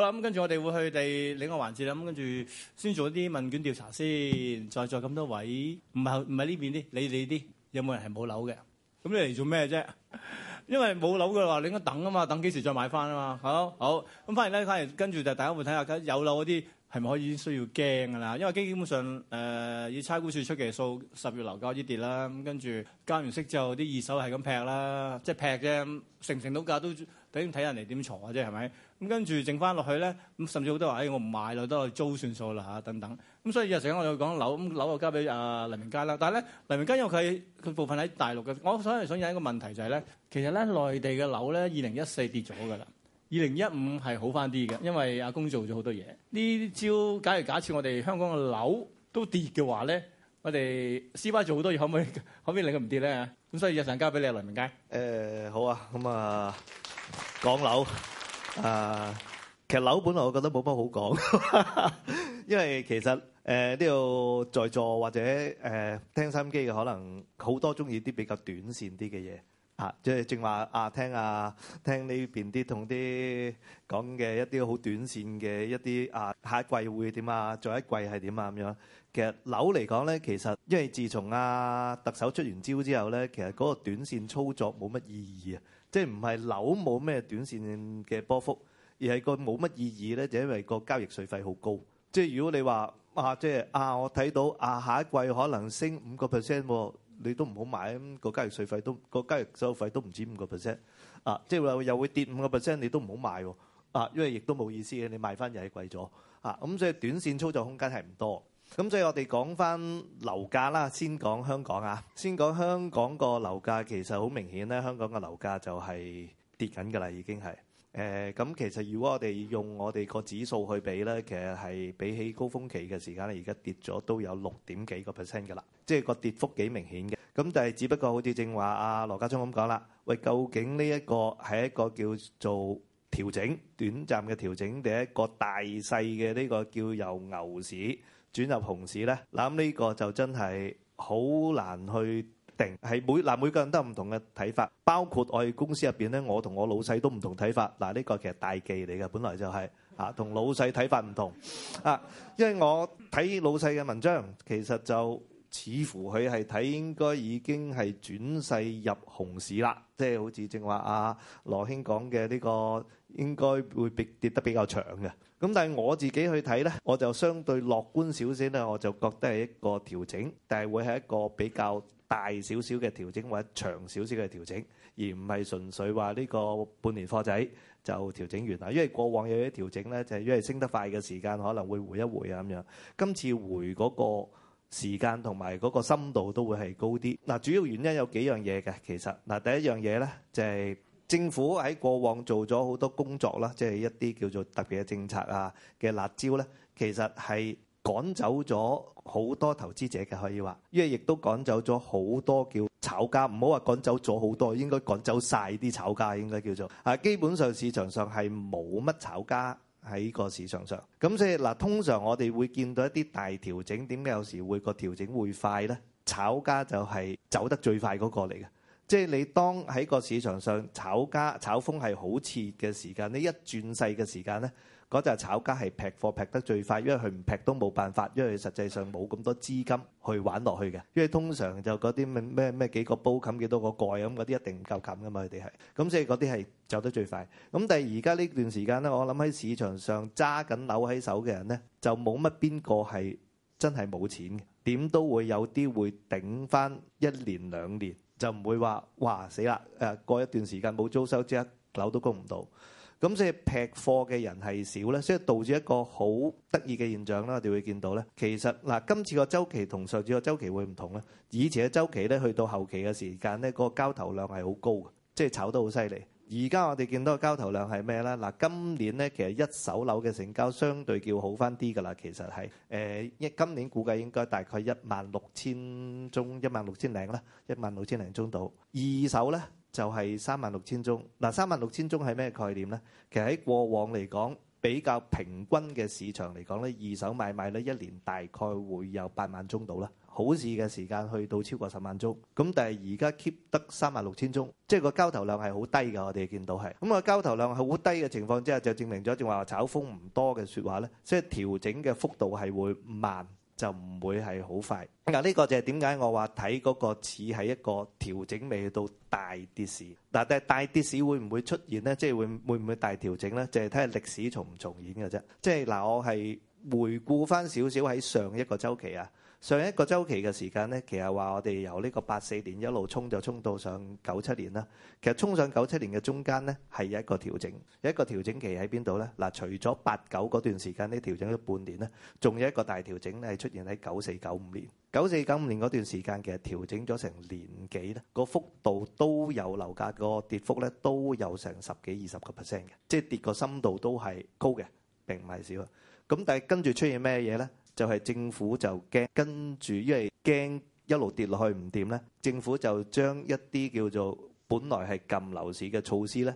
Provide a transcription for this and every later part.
好啦，咁跟住我哋會去第另一環節啦。咁跟住先做啲問卷調查先，再再咁多位，唔係唔係呢邊啲？你你啲有冇人係冇樓嘅？咁你嚟做咩啫？因為冇樓嘅話，你應該等啊嘛，等幾時再買翻啊嘛。好，好。咁反而咧，反而跟住就大家會睇下，有樓嗰啲係咪可以需要驚㗎啦？因為基基本上誒、呃，以差估處出嘅數，十月樓價一跌啦。咁跟住加完息之後，啲二手係咁劈啦，即係劈嘅，成唔成到價都？點睇人哋點坐啊？啫係咪咁跟住剩翻落去咧咁，甚至好多話，哎，我唔買啦，我都係租算數啦嚇等等。咁所以日頭我哋講樓咁樓，我交俾阿黎明佳啦。但係咧，黎明佳因為佢佢部分喺大陸嘅，我所係想引一個問題就係、是、咧，其實咧內地嘅樓咧，二零一四跌咗㗎啦，二零一五係好翻啲嘅，因為阿公做咗好多嘢呢招。假如假設我哋香港嘅樓都跌嘅話咧，我哋 CY 做好多嘢，可唔可以可唔可以令佢唔跌咧？咁所以日頭交俾你啊，黎明佳。誒好啊，咁啊。講樓啊，其實樓本來我覺得冇乜好講，因為其實誒呢度在座或者誒、呃、聽收音機嘅可能好多中意啲比較短線啲嘅嘢啊，即係正話啊聽啊聽呢邊啲同啲講嘅一啲好短線嘅一啲啊下一季會點啊，再一季係點啊咁樣。其實樓嚟講咧，其實因為自從啊特首出完招之後咧，其實嗰個短線操作冇乜意義啊。即係唔係樓冇咩短線嘅波幅，而係個冇乜意義咧，就是、因為個交易稅費好高。即係如果你話啊，即、就、係、是、啊，我睇到啊下一季可能升五個 percent，你都唔好買，咁、個交易稅費都、個交易收費都唔止五個 percent。啊，即係話又會跌五個 percent，你都唔好買，啊，因為亦都冇意思嘅，你買翻又係貴咗。啊，咁所以短線操作空間係唔多。咁即係我哋講翻樓價啦，先講香港啊，先講香港個樓價其實好明顯咧。香港嘅樓價就係跌緊㗎啦，已經係誒咁。其實如果我哋用我哋個指數去比咧，其實係比起高峯期嘅時間咧，而家跌咗都有六點幾個 percent 㗎啦，即係個跌幅幾明顯嘅。咁但係只不過好似正話阿羅家聰咁講啦，喂，究竟呢一個係一個叫做調整、短暫嘅調整，定一個大細嘅呢個叫由牛市？轉入熊市咧，嗱呢個就真係好難去定，係每嗱每個人都唔同嘅睇法，包括我哋公司入面咧，我同我老細都唔同睇法。嗱呢個其實大忌嚟嘅，本來就係、是、嚇、啊、同老細睇法唔同啊，因為我睇老細嘅文章，其實就似乎佢係睇應該已經係轉勢入熊市啦，即、就、係、是、好似正話阿羅興講嘅呢個應該會跌得比較長嘅。咁但係我自己去睇咧，我就相對樂觀少少咧，我就覺得係一個調整，但係會係一個比較大少少嘅調整，或者長少少嘅調整，而唔係純粹話呢個半年貨仔就調整完啦。因為過往有啲調整咧，就係因為升得快嘅時間可能會回一回啊咁樣。今次回嗰個時間同埋嗰個深度都會係高啲。嗱，主要原因有幾樣嘢嘅，其實嗱第一樣嘢咧就係。政府喺過往做咗好多工作啦，即係一啲叫做特別嘅政策啊嘅辣招咧，其實係趕走咗好多投資者嘅，可以話，因為亦都趕走咗好多叫炒家，唔好話趕走咗好多，應該趕走晒啲炒家，應該叫做啊，基本上市場上係冇乜炒家喺個市場上。咁所以嗱，通常我哋會見到一啲大調整，點解有時會個調整會快咧？炒家就係走得最快嗰個嚟嘅。即係你當喺個市場上炒家炒風係好熾嘅時間，你一轉勢嘅時間呢，嗰隻炒家係劈貨劈得最快，因為佢唔劈都冇辦法，因為實際上冇咁多資金去玩落去嘅。因為通常就嗰啲咩咩咩幾個煲冚幾多個蓋咁嗰啲一定唔夠冚噶嘛，佢哋係咁，咁所以嗰啲係走得最快。咁但係而家呢段時間呢，我諗喺市場上揸緊樓喺手嘅人呢，就冇乜邊個係真係冇錢嘅，點都會有啲會頂返一年兩年。就唔會話，哇死啦！誒過一段時間冇租收，即係樓都供唔到。咁所以劈貨嘅人係少咧，所以導致一個好得意嘅現象啦，我哋會見到咧。其實嗱，今次個週期同上次個週期會唔同咧。以前嘅週期咧，去到後期嘅時間咧，嗰個交投量係好高嘅，即係炒得好犀利。而家我哋見到嘅交投量係咩呢？嗱，今年呢其實一手樓嘅成交相對叫好返啲㗎啦。其實係誒一今年估計應該大概一萬六千宗，一萬六千零啦，一萬六千零宗到。二手呢就係三萬六千宗。嗱，三萬六千宗係咩概念呢？其實喺過往嚟講比較平均嘅市場嚟講呢，二手買賣呢一年大概會有八萬宗到啦。好市嘅時間去到超過十萬宗，咁但係而家 keep 得三萬六千宗，即係個交投量係好低㗎。我哋見到係咁個交投量係好低嘅情況之下，就證明咗，正話炒風唔多嘅説話咧。所以調整嘅幅度係會慢，就唔會係好快。嗱，呢個就係點解我話睇嗰個似係一個調整未到大跌市。嗱，但係大跌市會唔會出現咧？即係會會唔會大調整咧？就係睇下歷史重唔重演㗎啫。即係嗱，我係回顧翻少少喺上一個週期啊。上一個週期嘅時間咧，其實話我哋由呢個八四年一路衝就衝到上九七年啦。其實衝上九七年嘅中間咧，係有一個調整，有一個調整期喺邊度咧？嗱，除咗八九嗰段時間咧，調整咗半年啦，仲有一個大調整咧，係出現喺九四九五年。九四九五年嗰段時間，其實調整咗成年幾咧，個幅度都有樓價個跌幅咧，都有成十幾二十個 percent 嘅，即係跌個深度都係高嘅，並唔係少。咁但係跟住出現咩嘢咧？就係、是、政府就驚跟住，因為驚一路跌落去唔掂呢，政府就將一啲叫做本來係禁樓市嘅措施呢，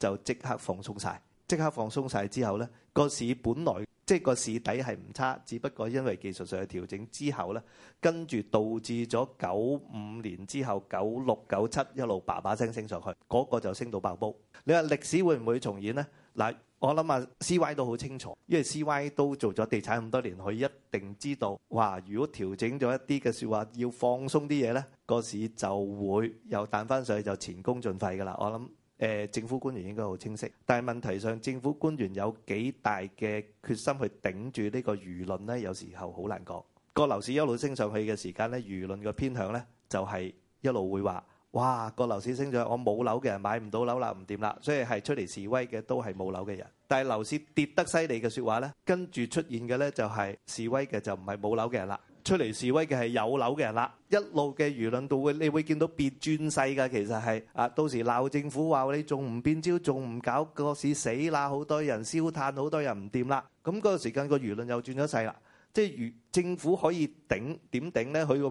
就即刻放鬆晒。即刻放鬆晒之後呢，個市本來即係個市底係唔差，只不過因為技術上嘅調整之後呢，跟住導致咗九五年之後九六九七一路把把聲升上去，嗰、那個就升到爆煲。你話歷史會唔會重演呢？嗱，我諗啊，CY 都好清楚，因為 CY 都做咗地產咁多年，佢一定知道。話如果調整咗一啲嘅説話，說要放鬆啲嘢呢，個市就會又彈翻上去，就前功盡廢㗎啦。我諗，呃，政府官員應該好清晰。但係問題上，政府官員有幾大嘅決心去頂住呢個輿論呢？有時候好難講。個樓市一路升上去嘅時間呢，輿論嘅偏向呢，就係一路會話。哇！個樓市升咗，我冇樓嘅人買唔到樓啦，唔掂啦，所以係出嚟示威嘅都係冇樓嘅人。但係樓市跌得犀利嘅説話咧，跟住出現嘅咧就係示威嘅就唔係冇樓嘅人啦，出嚟示威嘅係有樓嘅人啦。一路嘅輿論到會，你會見到變轉勢㗎。其實係啊，到時鬧政府話你仲唔變招，仲唔搞個市死啦，好多人燒炭，好多人唔掂啦。咁嗰個時間個輿論又轉咗勢啦。即係如政府可以頂點頂呢？佢佢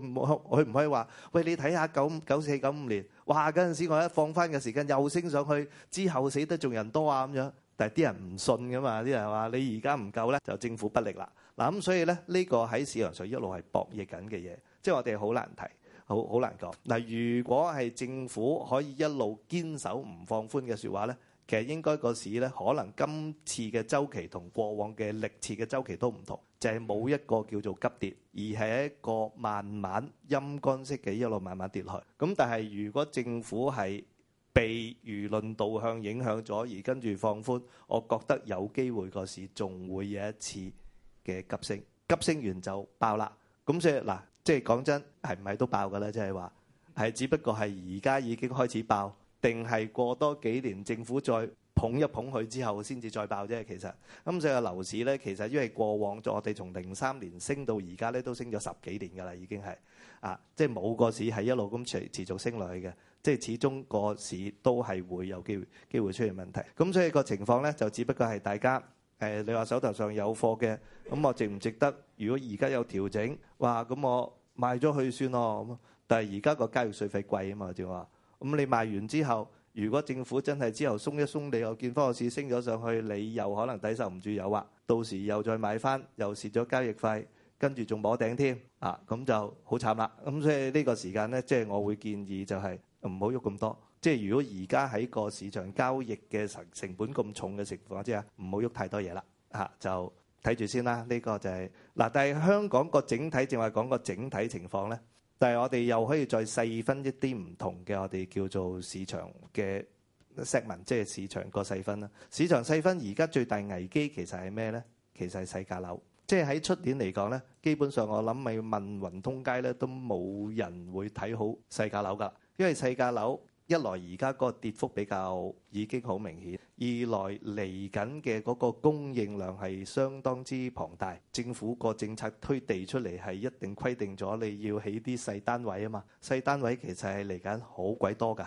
唔可以話：喂，你睇下九九四九五年，哇！嗰陣時我一放翻嘅時間又升上去，之後死得仲人多啊咁樣。但係啲人唔信噶嘛，啲人話：你而家唔夠呢，就政府不力啦。嗱、啊、咁所以呢，呢、呢個喺市場上一路係博弈緊嘅嘢，即係我哋好難提，好好難講。嗱、啊，如果係政府可以一路堅守唔放寬嘅說話呢。其實應該個市咧，可能今次嘅周期同過往嘅歷次嘅周期都唔同，就係冇一個叫做急跌，而係一個慢慢陰乾式嘅一路慢慢跌落去。咁但係如果政府係被輿論導向影響咗，而跟住放寬，我覺得有機會個市仲會有一次嘅急升，急升完就爆啦。咁所以嗱，即係講真係唔係都爆㗎咧？即係話係，只不過係而家已經開始爆。定係過多幾年政府再捧一捧佢之後先至再爆啫。其實咁所以個樓市呢，其實因為過往咗我哋從零三年升到而家呢，都升咗十幾年噶啦，已經係啊，即係冇個市係一路咁持續升落去嘅。即係始終個市都係會有機會機會出現問題。咁所以個情況呢，就只不過係大家誒，你話手頭上有貨嘅咁，我值唔值得？如果而家有調整，哇，咁我賣咗去算咯。但係而家個交易稅費貴啊嘛，點話？咁你賣完之後，如果政府真係之後鬆一鬆，你又見方有市升咗上去，你又可能抵受唔住誘惑，到時又再買翻，又蝕咗交易費，跟住仲摸頂添啊！咁就好慘啦。咁所以呢個時間呢，即係我會建議就係唔好喐咁多。即係如果而家喺個市場交易嘅成成本咁重嘅情況之下，唔好喐太多嘢啦。嚇，就睇住先啦。呢個就係嗱，但係香港個整體，正話講個整體情況呢。但係我哋又可以再細分一啲唔同嘅我哋叫做市場嘅 segment，即係市場個細分啦。市場細分而家最大危機其實係咩呢？其實係細價樓，即係喺出年嚟講呢，基本上我諗咪問雲通街呢都冇人會睇好細價樓㗎，因為細價樓。一來而家嗰個跌幅比較已經好明顯，二來嚟緊嘅嗰個供應量係相當之龐大。政府個政策推地出嚟係一定規定咗你要起啲細單位啊嘛，細單位其實係嚟緊好鬼多噶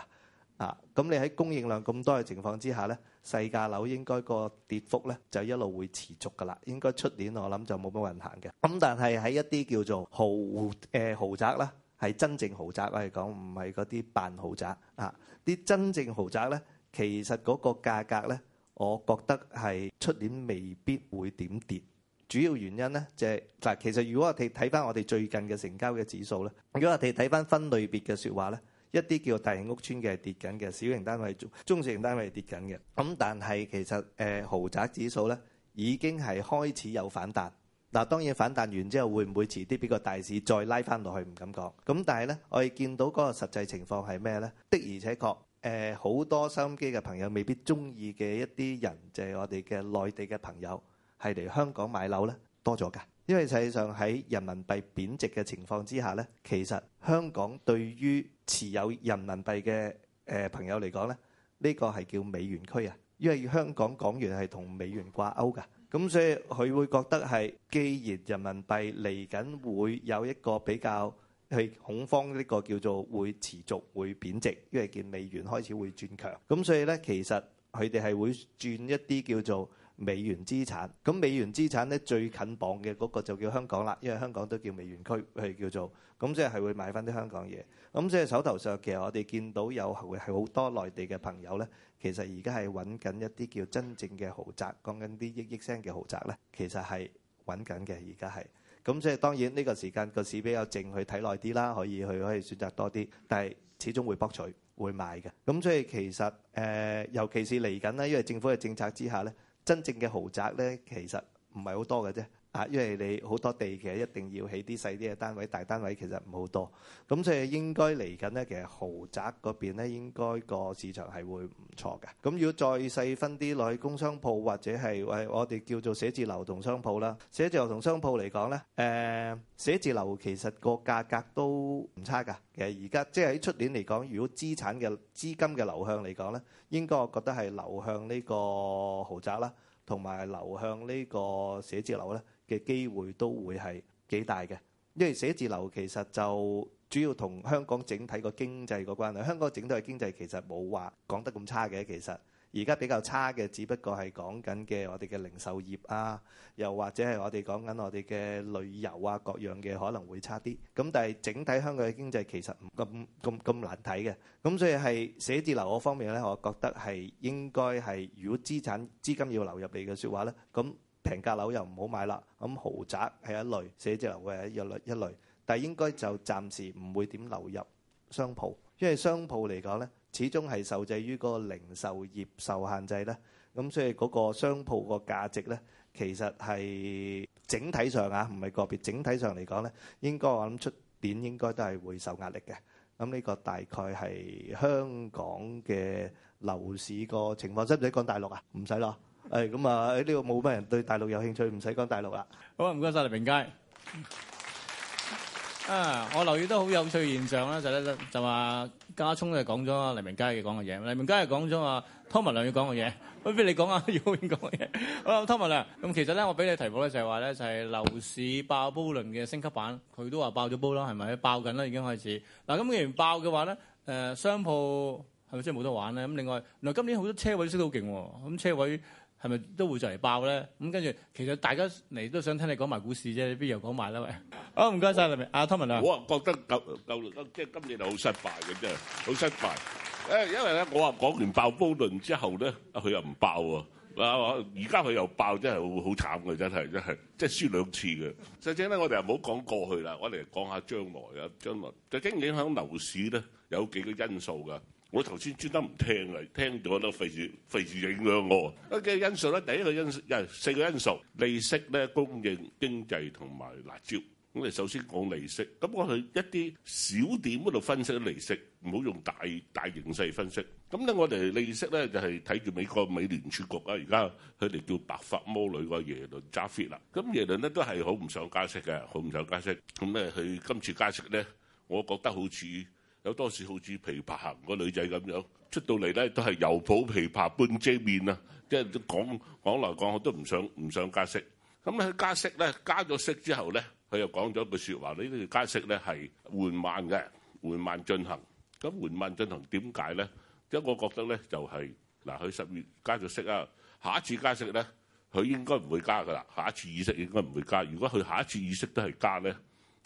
啊！咁你喺供應量咁多嘅情況之下呢，細價樓應該個跌幅呢，就一路會持續噶啦。應該出年我諗就冇乜運行嘅。咁但係喺一啲叫做豪誒、呃、豪宅啦。係真正豪宅我哋講，唔係嗰啲扮豪宅啊！啲真正豪宅咧，其實嗰個價格咧，我覺得係出年未必會點跌。主要原因咧就係、是、嗱，其實如果我哋睇翻我哋最近嘅成交嘅指數咧，如果我哋睇翻分類別嘅説話咧，一啲叫大型屋村嘅係跌緊嘅，小型單位中中小型單位跌緊嘅。咁但係其實誒豪宅指數咧已經係開始有反彈。嗱，當然反彈完之後，會唔會遲啲俾個大市再拉翻落去？唔敢講。咁但係呢，我哋見到嗰個實際情況係咩呢？的而且確，誒、呃、好多收音機嘅朋友未必中意嘅一啲人，就係、是、我哋嘅內地嘅朋友，係嚟香港買樓呢多咗㗎。因為實際上喺人民幣貶值嘅情況之下呢，其實香港對於持有人民幣嘅、呃、朋友嚟講呢，呢、這個係叫美元區啊，因為香港港元係同美元掛鈎㗎。咁所以佢會覺得係，既然人民幣嚟緊會有一個比較係恐慌呢個叫做會持續會貶值，因為見美元開始會轉強。咁所以咧，其實佢哋係會轉一啲叫做美元資產咁美元資產咧最近綁嘅嗰個就叫香港啦，因為香港都叫美元區，係叫做咁，即係係會買返啲香港嘢。咁即係手頭上其，其實我哋見到有係好多內地嘅朋友咧，其實而家係揾緊一啲叫真正嘅豪宅，講緊啲億億聲嘅豪宅咧，其實係揾緊嘅。而家係咁，即係當然呢個時間個市比較靜，去睇耐啲啦，可以去可以選擇多啲，但係始終會博取會買嘅。咁所以其實誒、呃，尤其是嚟緊咧，因為政府嘅政策之下咧。真正嘅豪宅咧，其實唔係好多嘅啫。因為你好多地其實一定要起啲細啲嘅單位，大單位其實唔好多。咁所以應該嚟緊呢，其實豪宅嗰邊呢，應該個市場係會唔錯嘅。咁如果再細分啲落去工商鋪或者係、哎、我哋叫做寫字樓同商鋪啦，寫字樓同商鋪嚟講呢，呃、寫字樓其實個價格都唔差㗎。其實而家即係喺出年嚟講，如果資產嘅資金嘅流向嚟講呢，應該我覺得係流向呢個豪宅啦，同埋流向呢個寫字樓呢嘅機會都會係幾大嘅，因為寫字樓其實就主要同香港整體個經濟個關係。香港整體嘅經濟其實冇話講得咁差嘅，其實而家比較差嘅，只不過係講緊嘅我哋嘅零售業啊，又或者係我哋講緊我哋嘅旅遊啊各樣嘅可能會差啲。咁但係整體香港嘅經濟其實唔咁咁咁難睇嘅。咁所以係寫字樓嗰方面呢，我覺得係應該係如果資產資金要流入嚟嘅說話呢。咁。平價樓又唔好買啦，咁豪宅係一類，寫字樓嘅係一類一類，但係應該就暫時唔會點流入商鋪，因為商鋪嚟講呢，始終係受制於嗰個零售業受限制咧，咁所以嗰個商鋪個價值呢，其實係整體上啊，唔係個別，整體上嚟講呢，應該我諗出點應該都係會受壓力嘅。咁呢個大概係香港嘅樓市個情況，使唔使講大陸啊？唔使咯。誒咁啊！呢個冇乜人對大陸有興趣，唔使講大陸啦。好啊！唔該晒，黎明佳。啊，我留意得好有趣現象啦，就咧、是、就是、就話家聰咧講咗啊，黎明佳嘅講嘅嘢，黎明佳又講咗啊，湯文亮要講嘅嘢。不如你講啊，葉永健講嘅嘢。好啊，湯文亮。咁其實咧，我俾你題目咧，就係話咧，就係樓市爆煲論嘅升級版，佢都話爆咗煲啦，係咪？爆緊啦，已經開始。嗱、啊，咁既然爆嘅話咧，誒、啊、商鋪係咪真係冇得玩咧？咁另外，嗱，今年好多車位都升得好勁喎，咁車位。係咪都會再嚟爆咧？咁、嗯、跟住，其實大家嚟都想聽你講埋股市啫，你不如又講埋啦？喂，好唔該曬，阿 Tom 啊，我話覺得夠即係今年係好失敗嘅，真係好失敗。誒，因為咧，我話講完爆煲論之後咧，佢又唔爆喎，而家佢又爆，真係好好慘嘅，真係真係即係輸兩次嘅。實際咧，我哋唔好講過去啦，我哋講下將來啊，將來究竟影響樓市咧，有幾個因素㗎。我頭先專登唔聽啊！聽咗都費事費事影響我。啊，幾個因素咧？第一個因，啊，四個因素，利息咧、供應、經濟同埋辣招。咁我首先講利息。咁我係一啲小點嗰度分析利息，唔好用大大形勢分析。咁咧，我哋利息咧就係睇住美國美聯儲局啊，而家佢哋叫白髮魔女個耶倫揸 Fit 啦。咁耶倫咧都係好唔想加息嘅，好唔想加息。咁咧，佢今次加息咧，我覺得好似。有多時好似琵琶行個女仔咁樣出到嚟咧，都係猶抱琵琶半遮面啊！即係講講來講去都唔想唔想加息。咁佢加息咧，加咗息之後咧，佢又講咗一句説話：呢個加息咧係緩慢嘅，緩慢進行。咁緩慢進行點解咧？因為我覺得咧就係嗱，佢十月加咗息啊，下一次加息咧，佢應該唔會加噶啦。下一次意識應該唔會加。如果佢下一次意識都係加咧，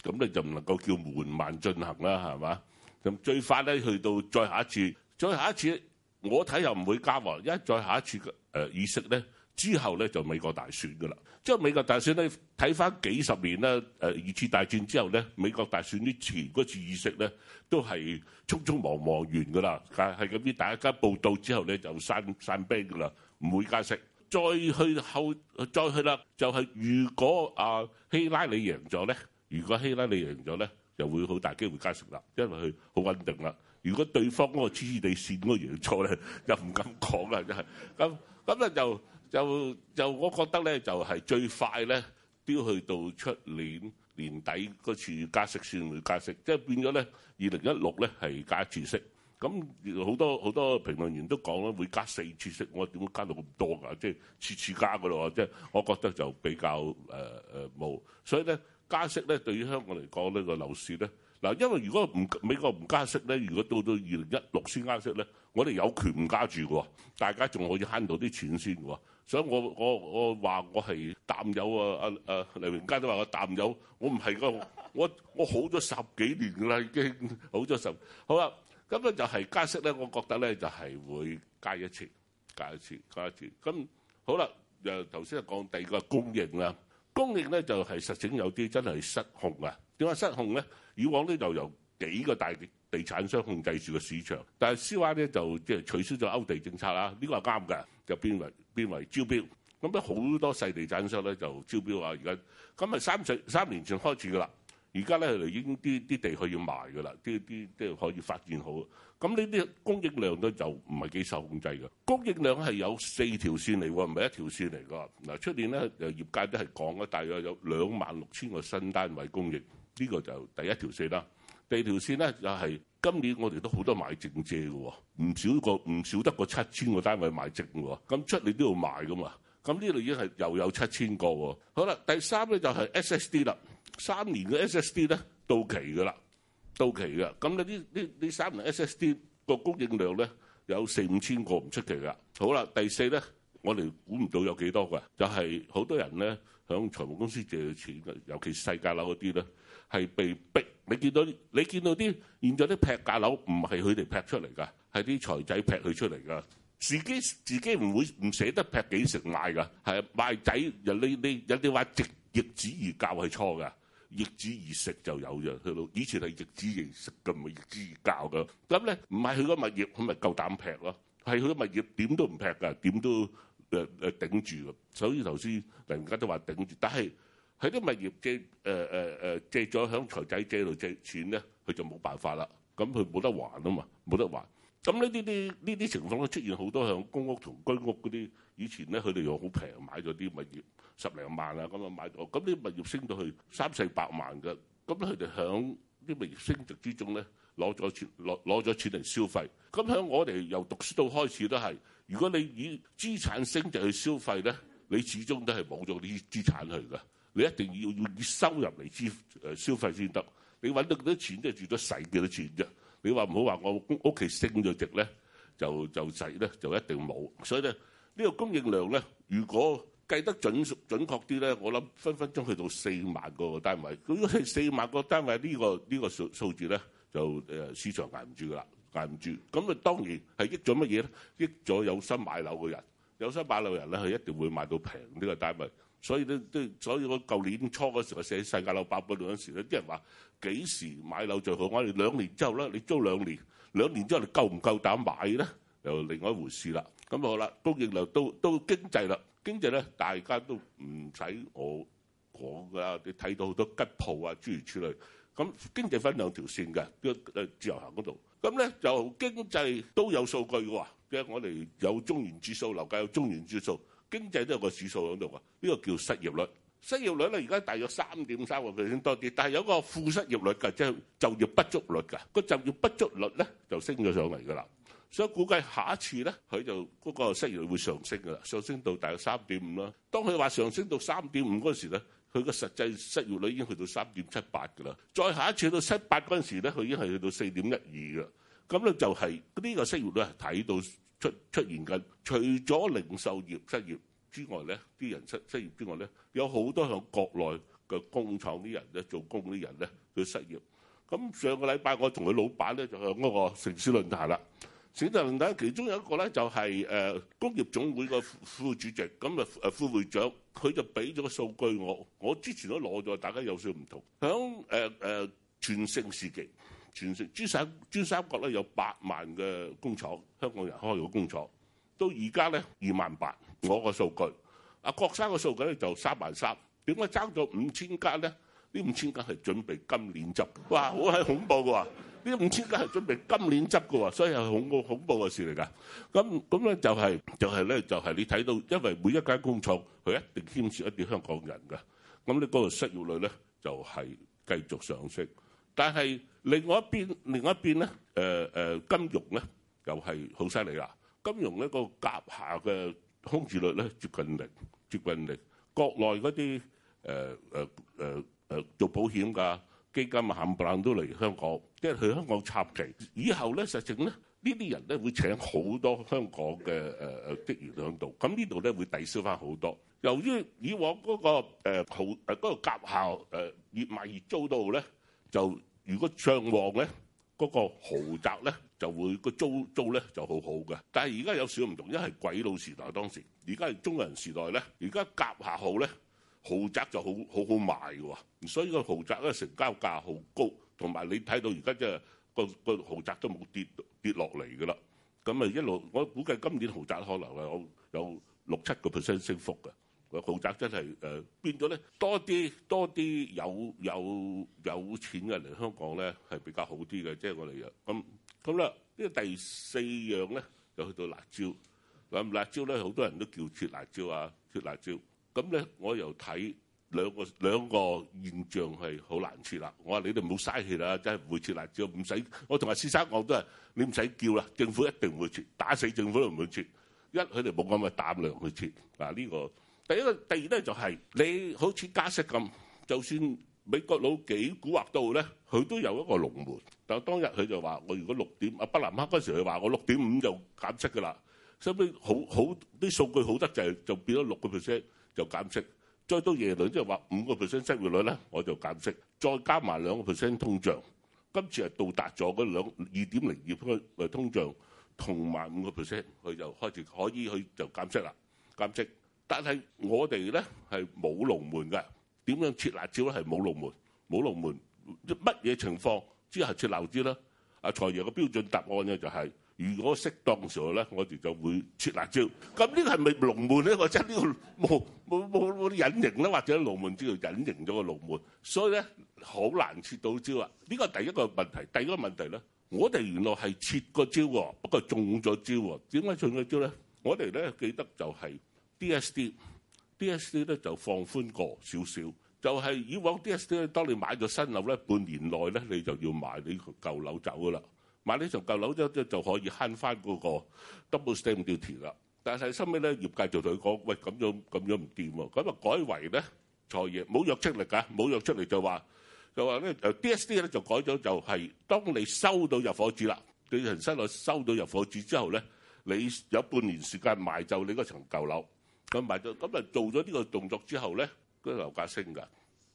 咁你就唔能夠叫緩慢進行啦，係嘛？咁最快咧，去到再下一次，再下一次，我睇又唔會加喎。一再下一次嘅誒議息咧，之後咧就美國大選㗎啦。即、就、係、是、美國大選咧，睇返幾十年啦。誒、呃、二次大戰之後咧，美國大選之前嗰次議息咧，都係匆匆忙忙完㗎啦。但係咁啲大家報道之後咧，就散散兵㗎啦，唔會加息。再去後再去啦，就係、是、如果啊、呃、希拉里贏咗咧，如果希拉里贏咗咧。就會好大機會加息，因為佢好穩定啦。如果對方嗰個黐黐地線嗰樣錯咧，又唔敢講啦，真係咁咁咧，就就就我覺得咧，就係最快咧，都要去到出年年底嗰次加息算唔加息，即係變咗咧，二零一六咧係加一次息。咁好多好多評論員都講啦，會加四次息，我點會加到咁多㗎？即係次次加嘅咯，即係我覺得就比較誒誒冇，所以咧。加息咧對於香港嚟講呢、呢個樓市咧，嗱，因為如果唔美國唔加息咧，如果到到二零一六先加息咧，我哋有權唔加住嘅，大家仲可以慳到啲錢先嘅，所以我我我話我係淡友啊，阿、啊、阿、啊、黎榮嘉都話我淡友，我唔係噶，我我好咗十幾年噶啦，已經好咗十，好啦，咁咧就係加息咧，我覺得咧就係、是、會加一次，加一次，加一次，咁好啦，誒頭先又講第二個供應啦。供應咧就係、是、實情有啲真係失控啊！點解失控咧？以往呢就由幾個大地地產商控制住個市場，但係 CY 咧就即係取消咗勾地政策啦。呢、這個係啱嘅，就變為變為招標。咁咧好多細地產商咧就招標啊！而家咁啊，三十三年前開始噶啦。而家咧，佢哋已經啲啲地可以賣噶啦，啲啲即係可以發展好。咁呢啲供應量咧就唔係幾受控制嘅。供應量係有四條線嚟喎，唔係一條線嚟㗎。嗱，出年咧，就業界都係講咗大約有兩萬六千個新單位供應，呢、呢個就第一條線啦。第二條線咧就係、係、今年我哋都好多買正借㗎喎，唔少個唔少得個七千個單位買正㗎喎。咁出年都要賣㗎嘛。咁呢度已經係又有七千個喎。好啦，第三咧就係 SSD 啦。三年嘅 SSD 咧到期噶啦，到期㗎。咁你呢呢呢三年 SSD 個供應量咧有四五千個唔出奇㗎。好啦，第四咧，我哋估唔到有幾多嘅，就係好多人咧響財務公司借錢嘅，尤其是細價樓嗰啲咧係被逼。你見到你見到啲現在啲劈價樓唔係佢哋劈出嚟㗎，係啲財仔劈佢出嚟㗎。自己自己唔會唔捨得劈幾成賣㗎，係賣仔人。你你人哋話直業主而教係錯㗎。易子而食就有嘅。佢老以前係易子而食嘅，唔係易子而教嘅。咁咧唔係佢個物業，佢咪夠膽劈咯？係佢個物業點都唔劈㗎，點都誒誒頂住。所以頭先人家都話頂住，但係喺啲物業借誒誒誒借咗響財仔借度借錢咧，佢就冇辦法啦。咁佢冇得還啊嘛，冇得還。咁呢啲啲呢啲情況都出現好多，響公屋同居屋嗰啲，以前咧佢哋又好平買咗啲物業，十零萬啊咁啊買咗，咁啲物業升到去三四百萬嘅，咁佢哋喺啲物業升值之中咧攞咗錢攞攞咗錢嚟消費，咁喺我哋由讀書到開始都係，如果你以資產升值去消費咧，你始終都係冇咗啲資產去噶，你一定要以收入嚟支誒消費先得，你搵到幾多錢即係最多使幾多錢啫。你話唔好話我屋企升咗值咧，就就使咧，就一定冇。所以咧，呢個供應量咧，如果計得準準確啲咧，我諗分分鐘去到四萬個單位。如果係四萬個單位，呢個呢個數數字咧，就誒市場捱唔住噶啦，捱唔住。咁啊，當然係益咗乜嘢咧？益咗有心買樓嘅人，有心買樓嘅人咧，佢一定會買到平呢個單位。所以咧，都所以我舊年初嗰時就寫世界樓爆盤嗰陣時咧，啲人話幾時買樓最好？我哋兩年之後咧，你租兩年，兩年之後你夠唔夠膽買咧？又另外一回事啦。咁好啦，供應量都都經濟啦，經濟咧，大家都唔使我講㗎啦，你睇到好多吉鋪啊，諸如此類。咁經濟分兩條線嘅，個誒自由行嗰度。咁咧就經濟都有數據㗎喎，即係我哋有中原指數，樓價有中原指數。經濟都有個指數喺度㗎，呢個叫失業率。失業率咧，而家大約三點三個 percent 多啲，但係有個負失業率㗎，即係就業不足率㗎。個就業不足率咧就升咗上嚟㗎啦，所以估計下一次咧佢就嗰個失業率會上升㗎啦，上升到大約三點五啦。當佢話上升到三點五嗰時咧，佢個實際失業率已經去到三點七八㗎啦。再下一次到七八嗰時咧，佢已經係去到四點一二㗎。咁咧就係呢個失業率係睇到。出出現緊，除咗零售業失業之外咧，啲人失失業之外咧，有好多響國內嘅工廠啲人咧，做工啲人咧，佢失業。咁上個禮拜我同佢老闆咧就去嗰個城市論壇啦。城市論壇其中有一個咧就係、是呃、工業總會個副，副主席，咁啊副會長佢就俾咗個數據我。我之前都攞咗，大家有少少唔同響、呃呃、全盛時期。全城珠三角咧有八萬嘅工廠，香港人開咗工廠，到而家咧二萬八，我個數據。阿郭生嘅數據咧就三萬三，點解爭咗五千間咧？呢五千間係準備今年執，哇！好係恐怖嘅喎，呢五千間係準備今年執嘅喎，所以係恐恐怖嘅事嚟㗎。咁咁咧就係、是、就係、是、咧就係、是、你睇到，因為每一間工廠佢一定牽涉一啲香港人㗎，咁咧嗰個失業率咧就係、是、繼續上升。但係另外一邊，另外一邊咧，誒誒金融咧又係好犀利啦。金融一個夾下嘅空置率咧接近零，接近零。國內嗰啲誒誒誒誒做保險㗎基金冚唪唥都嚟香港，即係去香港插旗。以後咧，實情咧，這些呢啲人咧會請好多香港嘅誒誒職員響度，咁呢度咧會抵消翻好多。由於以往嗰、嗰個好嗰、呃嗰個夾下誒、呃、越賣越糟到咧。就如果暢旺咧，嗰、嗰個豪宅咧就會、個租租咧就好好嘅。但係而家有少唔同，因為係鬼佬時代當時，而家係中國人時代咧，而家夾下後咧，豪宅就好好好賣嘅喎。所以個豪宅咧成交價好高，同埋你睇到而家即係個個豪宅都冇跌跌落嚟嘅啦。咁啊一路，我估計今年豪宅可能係有有六七個 percent 升幅嘅。個豪宅真係誒變咗咧，多啲多啲有有有錢嘅嚟香港咧，係比較好啲嘅。即係我哋啊咁咁啦。呢個第四樣咧，就去到辣椒嗱。辣椒咧，好多人都叫切辣椒啊，切辣椒。咁咧，我又睇兩個兩個現象係好難切啦。我話你哋唔好嘥氣啦，真係唔會切辣椒，唔使我同埋先生我都係你唔使叫啦，政府一定唔會切，打死政府都唔會切。一佢哋冇咁嘅膽量去切嗱呢個，第一個，第二咧就係你好似加息咁，就算美國佬幾蠱惑到咧，佢都有一個龍門。但係當日佢就話：我如果六點啊，北南克嗰時佢話我六點五就減息㗎啦。後尾好好啲數據好得滯就變咗六個 percent 就減息，再到夜裡即係話五個 percent 失業率咧，我就減息，再加埋兩個 percent 通脹。今次係到達咗嗰兩二點零二 percent 誒通脹，同埋五個 percent，佢就開始可以佢就減息啦，減息。但係我哋咧係冇龍門嘅，點樣撤辣招咧係冇龍門冇龍門乜嘢情況之下撤辣招咧？阿財爺嘅標準答案咧就係如果適當嘅時候咧，我哋就會撤辣招。咁呢個係咪龍門咧？或者呢個冇冇冇隱形咧，或者龍門只要隱形咗個龍門，所以咧好難撤到招啊！呢個係第一個問題，第二個問題咧，我哋原來係撤過招喎，不過中咗招喎，點解中咗招咧？我哋咧記得就係。D.S.D.D.S.D 咧就放寬過少少，就係以往 D.S.D 咧。當你買咗新樓咧，半年內咧你就要賣呢層舊樓走㗎啦。賣呢層舊樓咧，即就可以慳翻嗰個 Double Stamp Duty 啦。但係收尾咧，業界就同佢講：喂，咁樣咁樣唔掂喎，咁啊改為咧財爺冇約出嚟㗎，冇約出嚟就話就話咧，D.S.D 咧就改咗就係當你收到入夥紙啦，對人新樓收到入夥紙之後咧，你有半年時間賣就你嗰層舊樓。咁買到，咁啊做咗呢個動作之後咧，個樓價升㗎。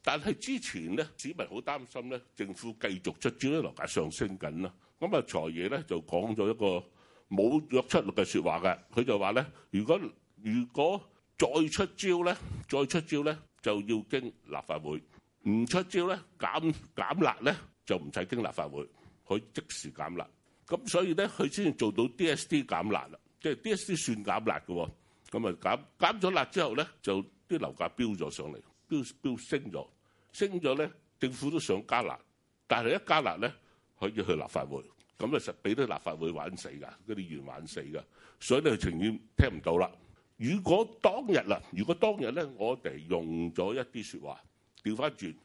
但係之前咧，市民好擔心咧，政府繼續出招咧，樓價上升緊啦。咁啊，財爺咧就講咗一個冇約出陸嘅説話嘅，佢就話咧，如果如果再出招咧，再出招咧，就要經立法會；唔出招咧，減減辣咧，就唔使經立法會，佢即時減辣。咁所以咧，佢先做到 DSD 減辣啦，即係 DSD 算減辣嘅喎。咁咪減減咗辣之後咧，就啲樓價飆咗上嚟，飆飆升咗，升咗咧，政府都想加辣，但係一加辣咧，可以去立法會，咁啊實俾啲立法會玩死㗎，啲議員玩死㗎，所以你情願聽唔到啦。如果當日啦，如果當日咧，我哋用咗一啲説話，調翻轉，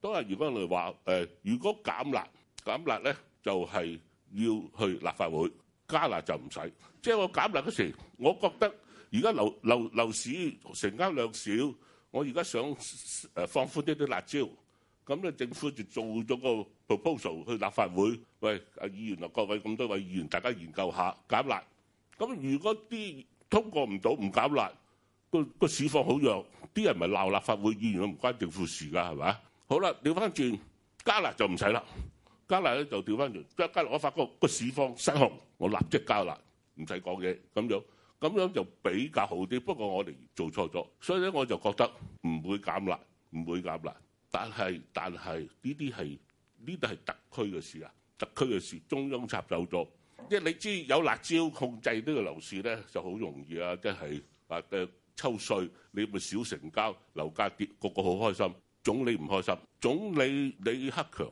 當日如果佢話誒，如果減辣減辣咧，就係要去立法會加辣就唔使，即係我減辣嗰時，我覺得。而家樓樓樓市成交量少，我而家想誒放寬啲啲辣椒，咁咧政府就做咗個 proposal 去立法會，喂，啊議員啊各位咁多位議員，大家研究下減辣。咁如果啲通過唔到唔減辣，個個市況好弱，啲人咪鬧立法會議員，唔關政府事㗎，係咪？好啦，調翻轉加辣就唔使啦，加辣咧就調翻轉，一加辣我發覺個市況失控，我立即加辣，唔使講嘢咁樣。咁樣就比較好啲，不過我哋做錯咗，所以咧我就覺得唔會減辣，唔會減辣。但係但係呢啲係呢度係特區嘅事啊，特區嘅事，中央插手咗。即係你知有辣招控制呢個樓市咧，就好容易啊！即係啊誒抽稅，你咪少成交，樓價跌，個個好開心，總理唔開心。總理李克強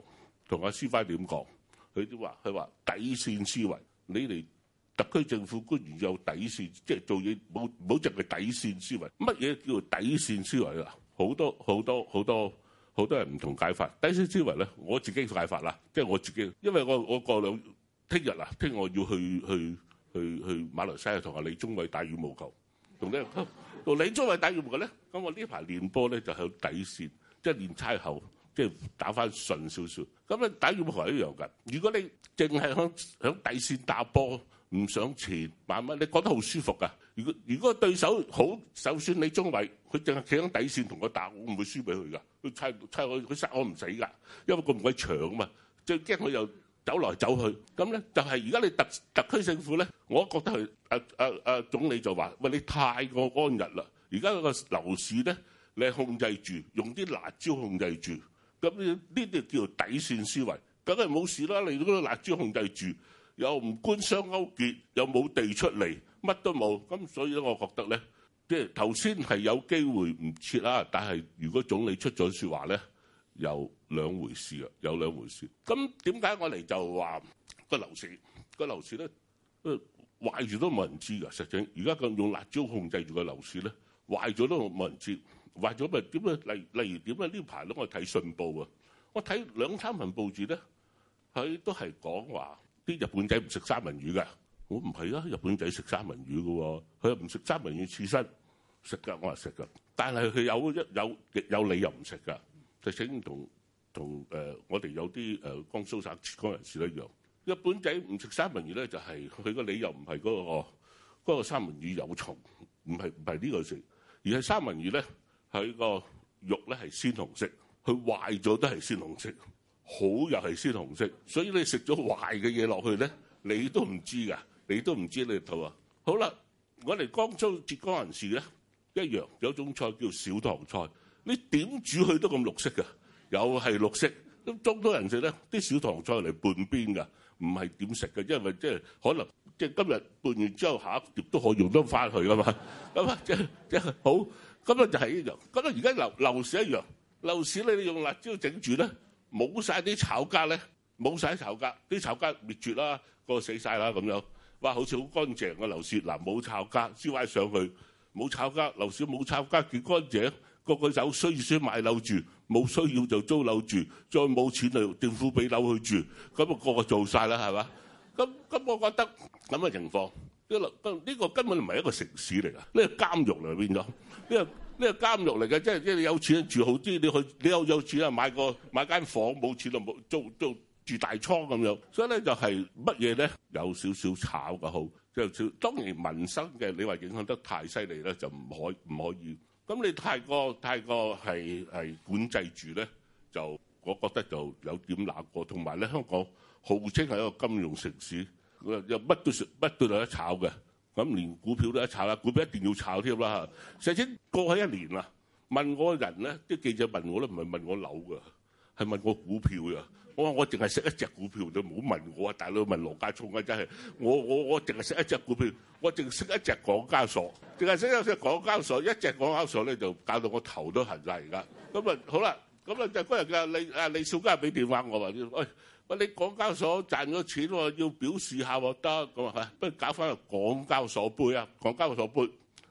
同阿司馬點講？佢都話：佢話底線思維，你哋。特區政府居然有底線，即係做嘢冇冇淨係底線思維。乜嘢叫做底線思維啊？好多好多好多好多人唔同解法。底線思維咧，我自己解法啦，即係我自己，因為我我過兩聽日啊，聽我要去去去去馬來西亞同阿李宗偉打羽毛球。同你同李宗偉打羽毛球咧，咁我呢排練波咧就係底線，即係練差後，即係打翻順少少。咁啊，打羽毛球一樣㗎。如果你淨係響響底線打波。唔上前慢慢，你覺得好舒服噶。如果如果對手好，就算你中位，佢淨係企喺底線同我打，我唔會輸俾佢噶？佢猜猜我，佢殺我唔死噶，因為佢唔鬼長啊嘛。最驚佢又走來走去，咁咧就係而家你特特區政府咧，我覺得係啊啊啊總理就話：喂，你太過安逸啦！而家個樓市咧，你控制住，用啲辣椒控制住，咁呢呢啲叫做底線思維，梗係冇事啦。你嗰個辣椒控制住。又唔官商勾結，又冇地出嚟，乜都冇，咁所以咧，我覺得咧，即係頭先係有機會唔撤啦。但係如果總理出咗説話咧，有兩回事啊，有兩回事。咁點解我嚟就話個樓市個樓市咧，壞住都冇人知噶。實際而家咁用辣椒控制住個樓市咧，壞咗都冇人知，壞咗咪點咧？例例如點咧？呢排咧，我睇信報啊，我睇兩三份報紙咧，佢都係講話。啲日本仔唔食三文魚嘅，我唔係啊！日本仔食三文魚嘅，哦，佢又唔食三文魚刺身，食嘅我係食嘅，但係佢有嘅啫，有有理由唔食嘅，就請同同誒我哋有啲誒江蘇省浙江人士一樣，日本仔唔食三文魚咧，就係佢個理由唔係嗰個嗰個三文魚有蟲，唔係唔係呢個食。而係三文魚咧，佢個肉咧係鮮紅色，佢壞咗都係鮮紅色。好又係鮮紅色，所以你食咗壞嘅嘢落去咧，你都唔知㗎，你都唔知你頭啊。好啦，我哋江州浙江人士咧一樣有種菜叫小棠菜，你點煮佢都咁綠色㗎，又係綠色咁。江州人食咧啲小棠菜嚟拌邊㗎？唔係點食嘅，因為即係可能即係今日拌完之後，下一碟都可以用得翻佢㗎嘛。咁啊，即係即係好咁咧，就係一樣咁啊。而家樓樓市一樣樓市，你哋用辣椒整住咧。冇曬啲炒家咧，冇曬炒家，啲炒家滅絕啦，個死曬啦咁樣。哇，好似好乾淨個樓市，嗱，冇炒家燒起上去，冇炒家樓市冇炒家，幾乾淨。個個有需要先買樓住，冇需要就租樓住，再冇錢就政府俾樓去住。咁啊，個個做曬啦，係嘛？咁咁，我覺得咁嘅情況，呢個根本唔係一個城市嚟噶，呢個監獄嚟變咗，呢個。呢個監獄嚟嘅，即係即係你有錢住好啲，你去你有有錢啊買個買間房，冇錢就冇租租住大倉咁樣。所以咧就係乜嘢咧，有少少炒嘅好，即係少。當然民生嘅，你話影響得太犀利咧，就唔可唔可以。咁你太過太過係係管制住咧，就我覺得就有點難過。同埋咧，香港號稱係一個金融城市，佢又乜都説乜都有得炒嘅。咁連股票都一炒啦，股票一定要炒添啦嚇。首先過去一年啦，問我人咧，啲記者問我都唔係問我樓㗎，係問我股票㗎。我話我淨係識一隻股票，就唔好問我啊！大佬問羅家聰啊，真係我我我淨係識一隻股票，我淨識一隻港交所，淨係識一隻港交所，一隻港交所咧就搞到我頭都痕晒。而家。咁啊好啦，咁啊就嗰日嘅李啊李少佳俾電話我話，哎。你港交所賺咗錢喎，要表示下我得咁啊，不如搞返個港交所杯啊，港交所杯。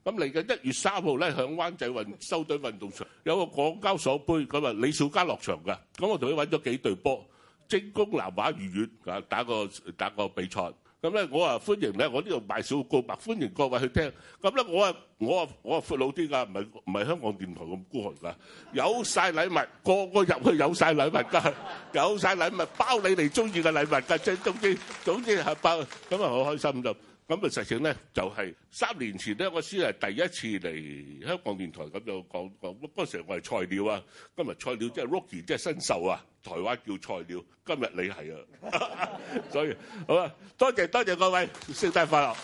咁嚟緊一月三號呢，響灣仔運收隊運動場有個港交所杯，咁啊李小加落場㗎，咁我同佢揾咗幾隊波，精工南華愉園打個打個比賽。咁咧，我話歡迎咧，我呢度賣少告白，埋歡迎各位去聽。咁咧，我啊，我啊，我啊闊佬啲㗎，唔係唔係香港電台咁孤寒㗎，有曬禮物，個個入去有曬禮物㗎，有曬禮物包你哋中意嘅禮物㗎，即係總之總之係包，咁啊好開心就。咁啊，實情咧就係、是、三年前咧，我先係第一次嚟香港電台咁就講講，嗰時我係菜鳥啊，今日菜鳥即係 rookie，即係新秀啊，台灣叫菜鳥，今日你係啊， 所以好啊，多謝多謝各位，聖誕快樂，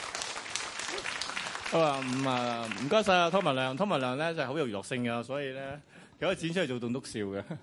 嗯！啊，唔啊，唔該晒啊，湯文亮，湯文亮咧就係好有娛樂性㗎，所以咧有幾可展出嚟做棟篤笑嘅。